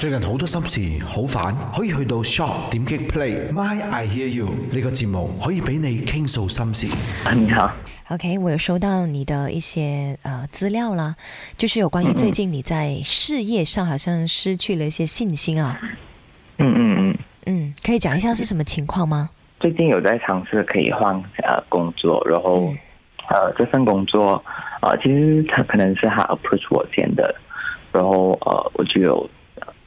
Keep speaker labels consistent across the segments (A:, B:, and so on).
A: 最近好多心事好煩，可以去到 shop 點擊 play。May I hear you 呢個節目可以俾你傾訴心事。你好，OK，我有收到你的一些誒資、呃、料啦，就是有關於最近你在事業上好像失去了一些信心啊。嗯嗯嗯嗯，可以講一下是什麼情況嗎？
B: 最近有在嘗試可以換下工作，然後誒、呃、這份工作、呃、其實可能是佢 approach 我先的，然後誒、呃、我就。有。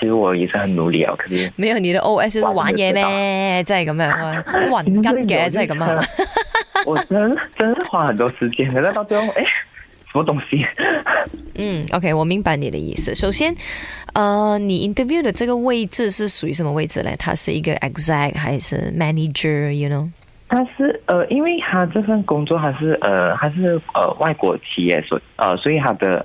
B: 其實我亦都很努力啊，可是
A: 沒有你的 OS 是玩嘢咩？真係咁樣，雲金嘅真係咁樣，我
B: 真真花很多時間喺到最後，誒，什麼東西？
A: 嗯，嗯，OK，我明白你的意思。首先，呃，你 interview 的這個位置是屬於什麼位置呢？它是一個 exec 還是 manager？You know？它是，呃，因
B: 為它這份工作還是，呃，還是，呃，外國企業所，呃，所以它的。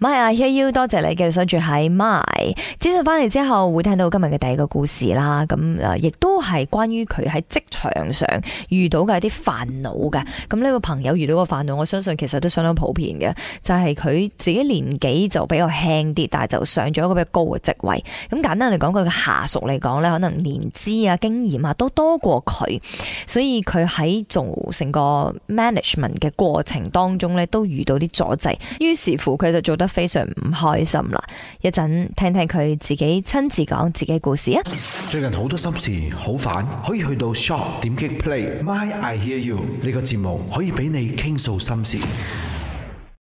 A: my 啊，here you，多謝你繼續收住喺 my，資訊翻嚟之後會聽到今日嘅第二個故事啦，咁亦都係關於佢喺職場上遇到嘅一啲煩惱嘅。咁、這、呢個朋友遇到個煩惱，我相信其實都相當普遍嘅，就係、是、佢自己年紀就比較輕啲，但係就上咗一個比較高嘅職位。咁簡單嚟講，佢嘅下屬嚟講咧，可能年資啊、經驗啊都多過佢，所以佢喺做成個 management 嘅過程當中咧，都遇到啲阻滯，於是乎佢就做得。非常唔開心啦！一陣聽聽佢自己親自講自己故事啊！最近好多心事好煩，可以去到 shop 點擊 play，My I Hear You 呢個節目可以俾你傾訴心事。